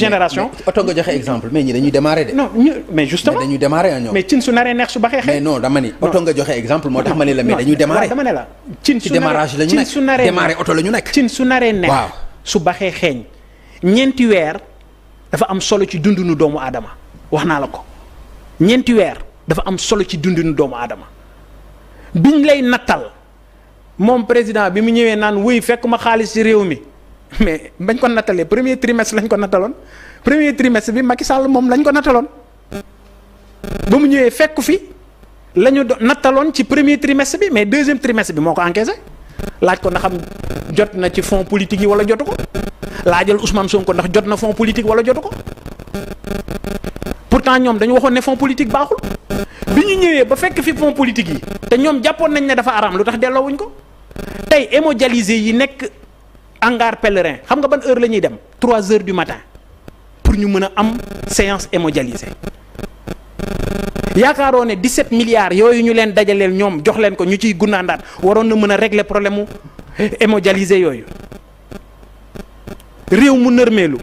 génération oto nga joxe exemple mais ñi dañuy démarrer de. non mais justement mais dañuy démarrer ah mais cin su naree neex su baxee xëy. mais non dama oto nga joxe exemple ma ne la mais dañuy démarrer. dama ne la cin su démarrage la ñu nekk démarrer oto la ñu nekk. cin su naree neex waaw su baxee xeeñ ñeenti weer dafa am solo ci dundinu doomu aadama wax naa la ko ñeenti weer dafa am solo ci dundinu doomu aadama biñ lay nattal moom président bi mu ñëwee naan wuy fekk ma xaalis ci réew mi. mais bañ kon nattalee premier trimestre lañ ko nattaloon premier trimestre bi Macky Sall moom lañ ko nattaloon ba mu ñëwee fekk fi la ñu nattaloon ci premier trimestre bi mais deuxième trimestre bi moo ko encaissé laaj ko ndax xam jot na ci fonds politique yi wala jotu ko laajal Ousmane ko ndax jot na fonds politique wala jotu ko pourtant ñoom dañu waxoon ne fonds politique baaxul bi ñu ñëwee ba fekk fi fonds politique yi te ñoom jàppoon nañ ne dafa araam lu tax delloowuñ ko tey hémodialysé yi nekk. hangar pèlerin xam nga ban heure la ñuy dem trois heures du matin pour ñu mën a am séance hémodialysée yaakaaroo ne 17 milliards yooyu ñu leen dajaleel ñoom jox leen ko ñu ciy gunnaandaat waroon na mën a régler problème mu hémodialysé yooyu réew mu nërmeelu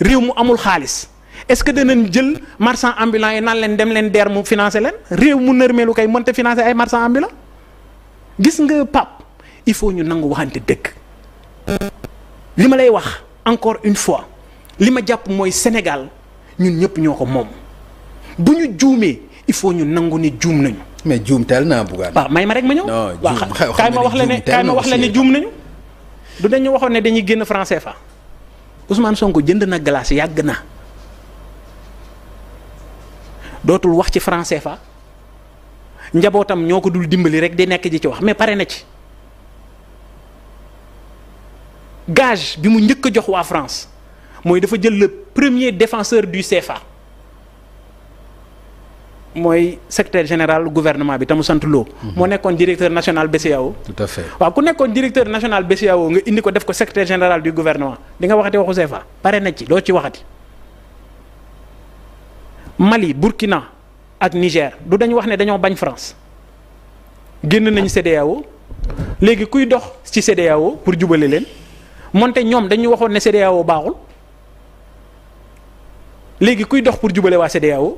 réew mu amul xaalis est-ce que danañ jël marchand ambulant yi naan leen dem leen deer mu financé leen réew mu nërmeelu kay mënta financé ay marchand ambulant gis nga pap il faut ñu nangu waxante dëkk li ma lay wax encore une fois li ma jàpp mooy Sénégal ñun ñëpp ñoo ko moom bu ñu juumee il faut ñu nangu ni juum nañu. mais juum teel naa Bougane. waaw may ma rek ma ñëw. non kaay ma wax la ne kaay ma wax la ne juum nañu. du dañu waxoon ne dañuy génn franc fa Ousmane Sonko jënd na glace yàgg na dootul wax ci franc fa njabootam ñoo ko dul dimbali rek di nekk ji ci wax mais pare na ci. gage bi mu njëkk a jox waa France mooy dafa jël le premier défenseur du CFA mooy secrétaire général gouvernement bi tamu sant loo mhm. moo nekkoon directeur national BCEAO tout à fait waaw ku nekkoon directeur national BCEAO nga indi ko def ko secrétaire général du gouvernement di nga waxati waxu CFA pare na ci loo ci waxati Mali Burkina ak Niger lu dañu wax ne dañoo bañ France génn nañu CEDEAO léegi kuy dox ci CEDEAO pour jubale leen moonte ñoom dañu waxoon ne CEDEAO baaxul léegi kuy dox pour jubale waa CEDEAO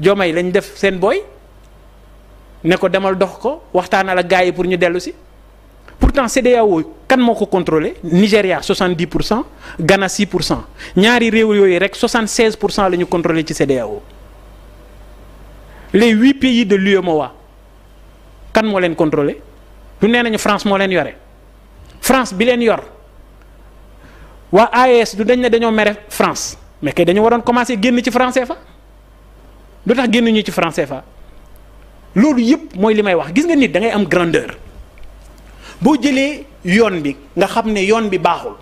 yi lañ def seen booy ne ko demal dox ko waxtaanal la gars yi pour ñu dellu si pourtant CEDEAO kan moo ko contrôlé Nigéria 70 pour cent Ghana 6 pour cent ñaari réew yooyu rek 76 pour cent la ñu contrôlé ci CEDEAO les huit pays de e ma l'UEMOA kan moo leen contrôlé lu nee nañu France moo leen yore France bi leen yor. waa AES du dañ ne dañoo mere France mais kay dañu waroon commencé génn ci franc fa lu tax ci franc CFA loolu yëpp mooy li may wax gis nga nit da ngay am grandeur boo jëlee yoon bi nga xam ne yoon bi baaxul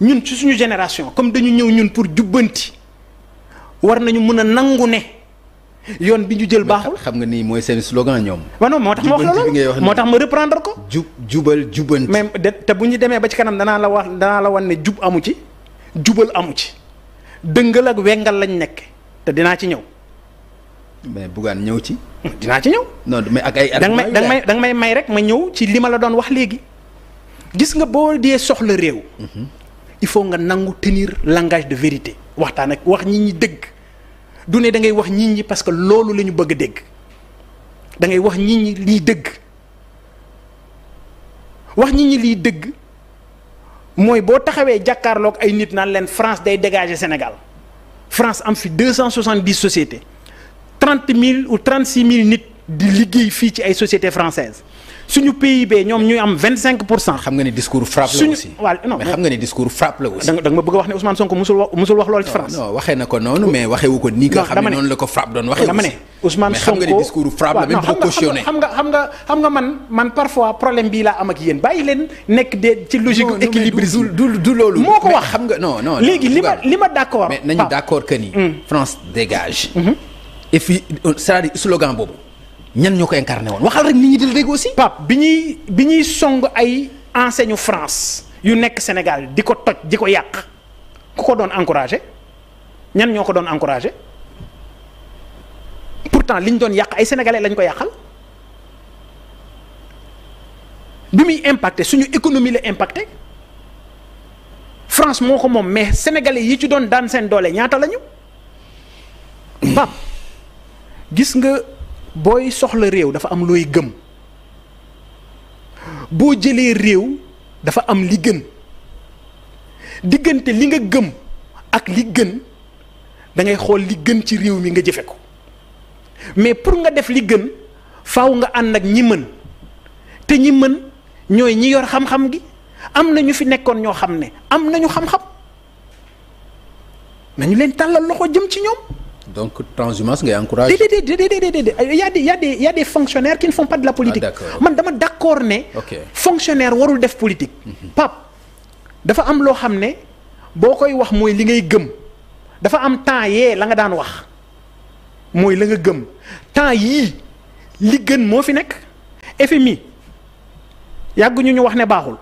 ñun ci suñu génération comme dañu ñëw ñun pour jubbanti war nañu mën a nangu ne. yoon bi ñu jël baaxul. xam nga nii mooy seen slogan ñoom. waaw moo tax ma wax loolu moo tax ma ko. jub jubal jubanti. mais te bu ñu demee ba ci kanam danaa la wax danaa la wan ne jub amu ci jubal amu ci dëngal ak wengal lañ nekk te ci ñëw. mais Bougane ñëw ci. dinaa ci ñëw. non mais ak ay. da nga may may may rek ma ñëw ci li ma la doon wax léegi gis nga boo dee soxla réew. Mhm. il faut nga nangu tenir langage de vérité waxtaan ak wax ñi ñi dëgg. du ne da ngay wax nit ñi parce que loolu la ñu bëgg a dégg da ngay wax nit ñi liy dëgg wax nit ñi liy dëgg mooy boo taxawee jàkkaarlook ay nit naan leen France day dégager Sénégal France am fi deux cent soixante dix société trente mille ou trente six mille nit di liggéey fii ci ay sociétés françaises suñu PIB ñoom ñuy am 25 pour cent. xam nga ne discours frappe la aussi waaw non mais xam nga ne discours frappe la aussi. da ma bëgg a wax ne Ousmane Sonko musul wax loolu ci France. la ko frappe doon waxee. dama ne Ousmane Sonko mais xam nga ne discours frappe la même bu ko cautionné. Hmm. dégage. Hmm. et puis euh, cest à slogan boobu ñan ñoo ko incarné woon waxal rek nit ñi di la dégg aussi. Pape bi ñuy bi ñuy song ay enseigne France yu nekk Sénégal di ko toj di ko yàq ku ko doon encouragé ñan ñoo ko doon encouragé pourtant liñ doon yàq ay sénégalais lañu ko yàqal. bi muy impacté suñu économie la impacté France moo ko moom mais sénégalais yi ci doon daan seen doole ñaata lañu. Pape gis nga. booy soxla réew dafa am looy gëm boo jëlee réew dafa am li gën diggante li nga gëm ak li gën dangay xool li gën ci réew mi nga jëfe ko mais pour nga def li gën faw nga ànd ak ñi mën te ñi mën ñooy ñi yor xam-xam gi am na ñu fi nekkoon ñoo xam ne am nañu xam-xam nañu leen tàllal loxo jëm ci ñoom donc transhumance ngay encouragé. déedéet déedéet déedéet y a des y a des y a des fonctionnaires qui ne font pas de la ah, politique. man dama d'accord ne. fonctionnaire warul def politique. Mhm. Pape dafa am loo xam ne boo koy wax mooy li ngay gëm dafa am temps yee la nga daan wax mooy la nga gëm temps yii li gën moo fi nekk. FMI yàgguñu ñu wax ne baaxul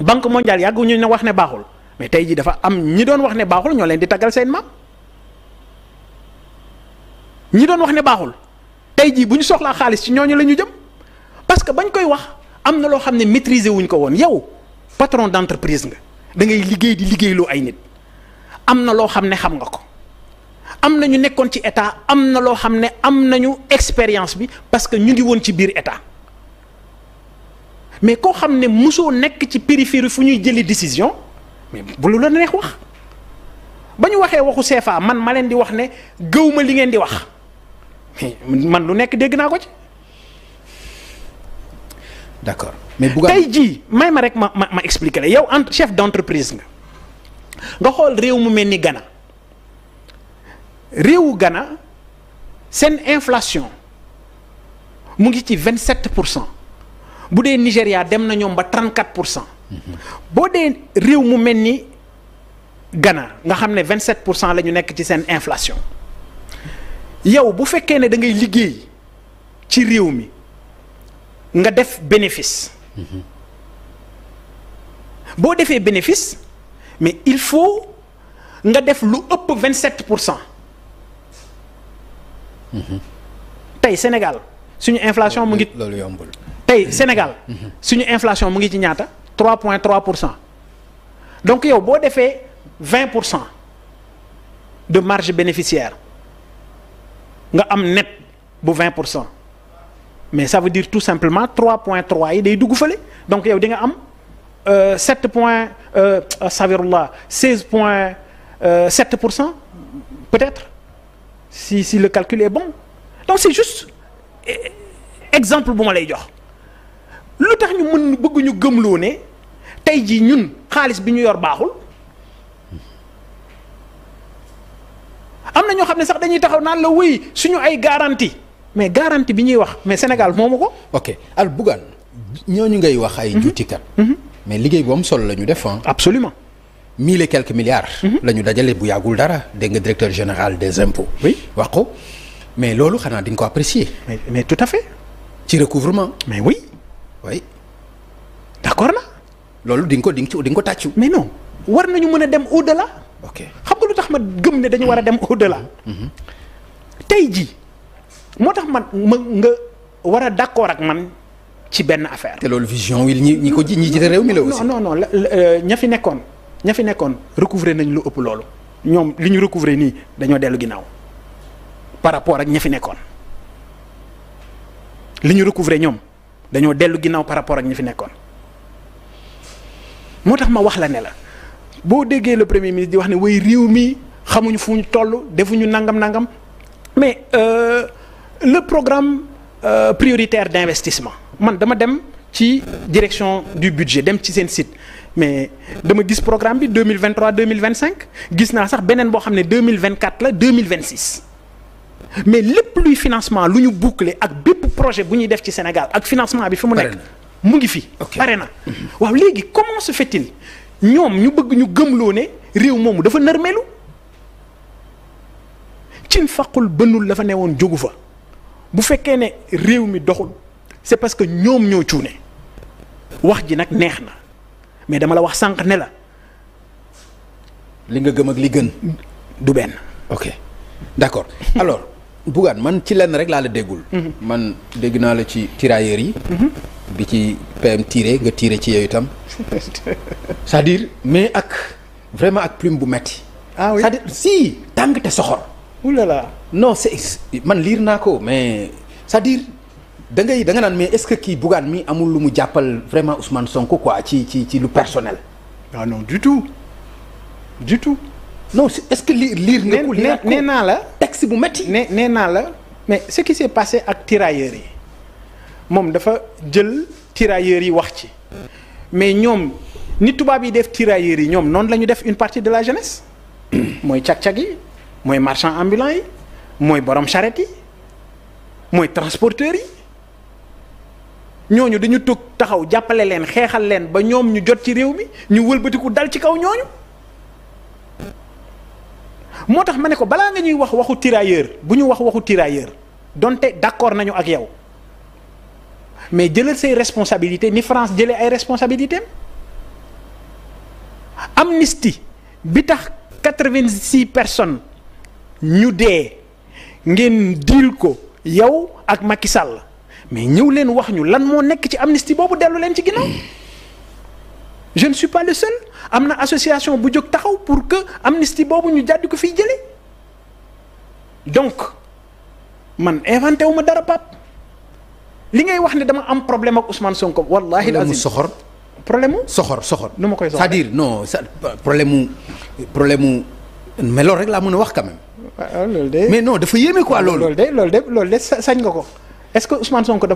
banque mondiale yàgguñu ñu wax ne baaxul mais tey jii dafa am ñi doon wax ne baaxul ñoo leen di taggal seen maam. ñi doon wax ne baaxul tey jii bu ñu soxlaa xaalis ci ñooñu la ñu jëm parce que bañ koy wax am na loo xam ne maîtriser wuñ ko woon yow patron d'entreprise nga da ngay liggéey di liggéeyloo ay nit am na loo xam ne xam nga ko am na ñu nekkoon ci état am na loo xam ne am nañu expérience bi parce que ñu ngi woon ci biir état mais koo xam ne mosoo nekk ci périphérie fu ñuy jëli décision mais bu lu la neex wax ba ñu waxee waxu CFA man ma leen di wax ne gëw ma li ngeen di wax. mais man lu nekk dégg naa ko ci. d'accord mais Bougane tey jii may ma rek ma ma ma explique la yow en chef d'entreprise nga nga xool réew mu mel ni Ghana réewu Ghana seen inflation mu ngi ci 27 pour cent bu dee Nigéria dem na ñoom ba 34 pour cent boo dee réew mu mel ni Ghana nga xam ne 27 pour cent la ñu nekk ci seen inflation. yow bu fekkee ne da ngay liggéey ci réew mi nga def bénéfice boo defee bénéfice mais il faut nga def lu ëpp vingt sept pour cent tey Sénégal suñu inflation mu ngi loolu yombul Sénégal suñu inflation mu ngi ci ñaata trois point trois pour cent donc yow boo defee vingt pour cent de marge bénéficiaire nga am net bu vingt pour cent mais ça veut dire tout simplement trois yi day dugg fële donc yow di nga am 7 euh, point euh, savirullah 16 point 7 euh, pour cent peut-être si si le calcul est bon donc c'est juste exemple bu ma lay jox lu tax ñu mën bëgg ñu gëmloo ne tey jii ñun xaalis bi ñu yor baaxul na ñoo xam ne sax dañuy taxaw naan la wuy suñu ay garantie mais garanti bi ñuy wax mais Sénégal moomu ko. ok al Bougane ñooñu ngay wax ay. Mhm. juutikat. Mhm. mais liggéey bu am solo la ñu def ah. absolument. mille et quelques milliards. Mhm. la ñu dajale bu yàggul dara dégg nga directeur général des impôts. oui wax ko mais loolu xanaa di ko apprécier. mais mais tout à fait. ci recouvrement. mais oui. oui. d' accord na. loolu di nga ko di nga ko tàccu. mais non war nañu mën a dem au delà. ok xam nga lu tax ma gëm ne dañu war a dem au delà. Mhm. tey jii moo tax man ma nga war a d'accord ak man ci benn affaire. te loolu vision wi ñi ñi ko ji ñi jiite réew mi la aussi. non non non euh, ña fi nekkoon ña fi nekkoon recouvrer nañ lu ëpp loolu ñoom li ñu recouvrer nii dañoo dellu ginnaaw par rapport ak ña fi nekkoon li ñu recouvrer ñoom dañoo dellu ginnaaw par rapport ak ña fi nekkoon moo tax ma wax la ne la. boo déggee le premier ministre di wax ne way réew mi xamuñu fu ñu toll defuñu nangam nangam mais euh, le programme euh, prioritaire d'investissement man dama dem ci direction du budget dem ci seen site mais dama gis programme bi 2023 cinq gis naa sax beneen boo xam ne mille vingt 2024 la 2026 mais lépp luy financement lu ñu boucler ak bépp projet bu ñuy def ci Sénégal ak financement bi fi mu nekk mu ngi fi pare na mhm. waaw léegi ñoom ñu bëgg ñu gëmloo ne réew moomu dafa nërmeelu cin faqul bënnul dafa fa ne woon jógu fa bu fekkee ne réew mi doxul c'est parce que ñoom ñoo cuune wax ji nag neex na mais dama la wax sànq ne la. li nga gëm ak li gën. du benn. ok d'accord alors Bougane man ci lenn rek laa la déggul. Mhm. man dégg naa la ci tirailleurs yi. Mhm. bi ci PM tiré nga tiire ci yooyu itam cest à mais ak vraiment ak plume bu metti ah oui c'est-à-dire si tàng te soxor. oulala non c'est man liir naa ko mais c'est-à-dire da ngay da nga naan mais est-ce que kii Bougane mi amul lu mu jàppal vraiment Ousmane Sonko quoi ci ci ci lu personnel. ah non du tout du tout. non est-ce que li liir nga ko nee naa la texte bu metti nee naa la mais ce qui s'est passé ak tirailleurs yi. moom dafa jël tirailleurs yi wax ci mais ñoom ni tubaab yi def tirailleurs yi ñoom noonu la ñu def une partie de la jeunesse mooy cag-cag yi mooy marchand ambulant yi mooy borom charrette yi mooy transporteurs yi ñooñu dañu tug taxaw jàppale leen xeexal leen ba ñoom ñu jot ci réew mi ñu wëlbatiku dal ci kaw ñooñu moo tax ma ne ko balaa nga ñuy wax waxu tirailleur bu ñu wax waxu tirailleur donte d'accord nañu ak yow mais jëlal say responsabilité ni France jëlee ay responsabilités amnistie bi tax quatre-vingt-six personnes ñu dee ngeen diil ko yow ak Macky Sall mais ñëw leen wax ñu lan moo nekk ci amnistie boobu dellu leen ci ginnaaw je ne suis pas le seul am na association bu jóg taxaw pour que amnistie boobu ñu jàdd ko fiy jële donc man inventé wu ma dara Pape li ngay wax ne dama am problème ak Ousmane Sonko wallahi la mu soxor problème mu soxor soxor nu ma koy soxor cest à sa problème mu problème mu mais loolu rek laa mën a wax quand même waaw ah, loolu de mais non dafa yéeme quoi loolu loolu de loolu de loolu de sañ nga ko est-ce que Ousmane Sonko